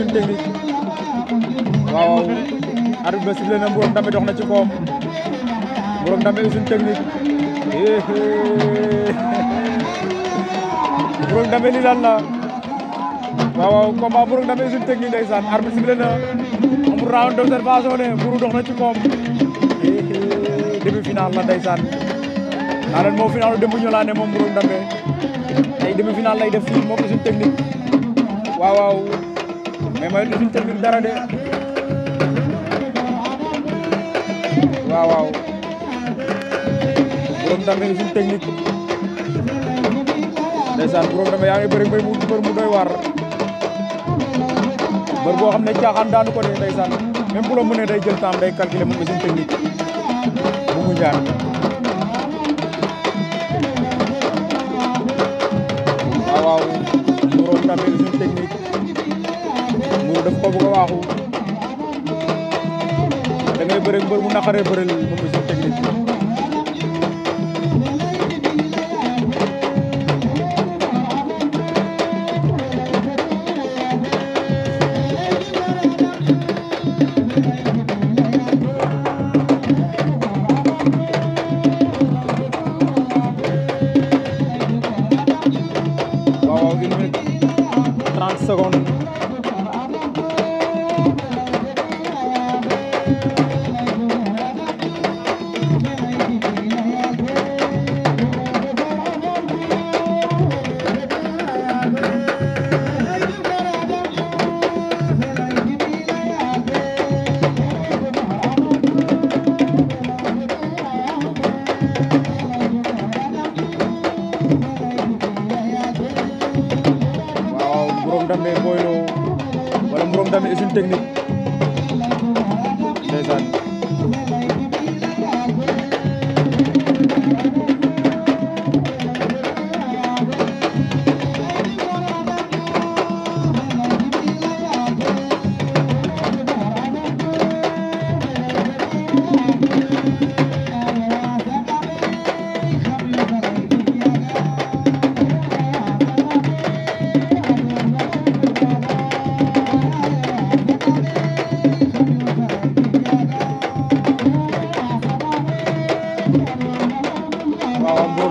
Wow, technique waaw arbitre ba sifflé na Mbour Ndamé dox na ci koom Mbour Ndamé usine technique Mbour Ndamé li lan la waaw waaw combat Mbour Ndamé usine technique ndeysaan arbitre sifflé na Mbour round d'observation ne Mbour dox na ci koom final la ndeysaan naa leen moom final démb ñu laa ne moom Mbour Ndamé ay demi mais mooy du suñu technique dara de waaw waaw borom ndar ne suñu technique ndeysaan programme yaa ngi bëri mbër mu mbër mu doy waar mbër boo xam ne caaxaan daanu ko de ndeysaan même bu la mënee day jël temps day calculer mu ngi suñu technique bu mu jaar waaxu da ngay bëre mbër mu naqaree bëre lu moom sa technique waaw une minute trente secondes tamit usine technique ndeysaan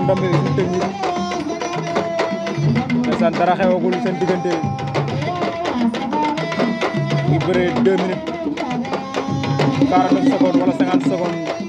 borom ndam équipe technique ndeysaan dara xewagul seen diggante bu bëree deux minutes quarante secondes wala cinquante secondes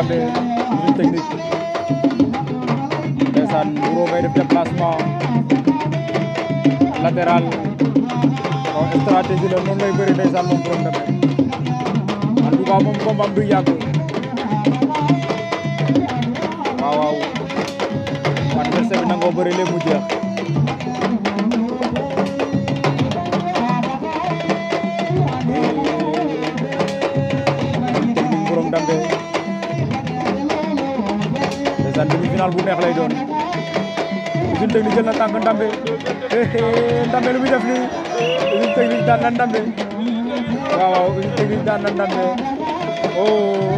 Kandé usine technique ndeysaan Mourou ngay def déplacement latéral kon stratégie la noonu lay bëri ndeysaan moom borom Kandé en tout moom combat bi yàgg waaw waaw adversaire bi nangoo bëri léegi mu ndeysaan demi-finale bu neex lay doon usine technique jël na tànk ndambe eh, eh, ndambe lu muy def nii usine technique daan na ndambe waaw waaw usine technique daan na ndambe oh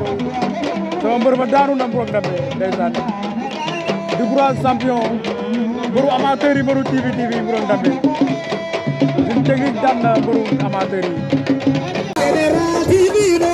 sama mbër ma daanu na mboog ndambe ndeysaan di bras champion mbëru amateur yi mbëru TV TV mboog ndambe usine technique daan na mbëru amateur yi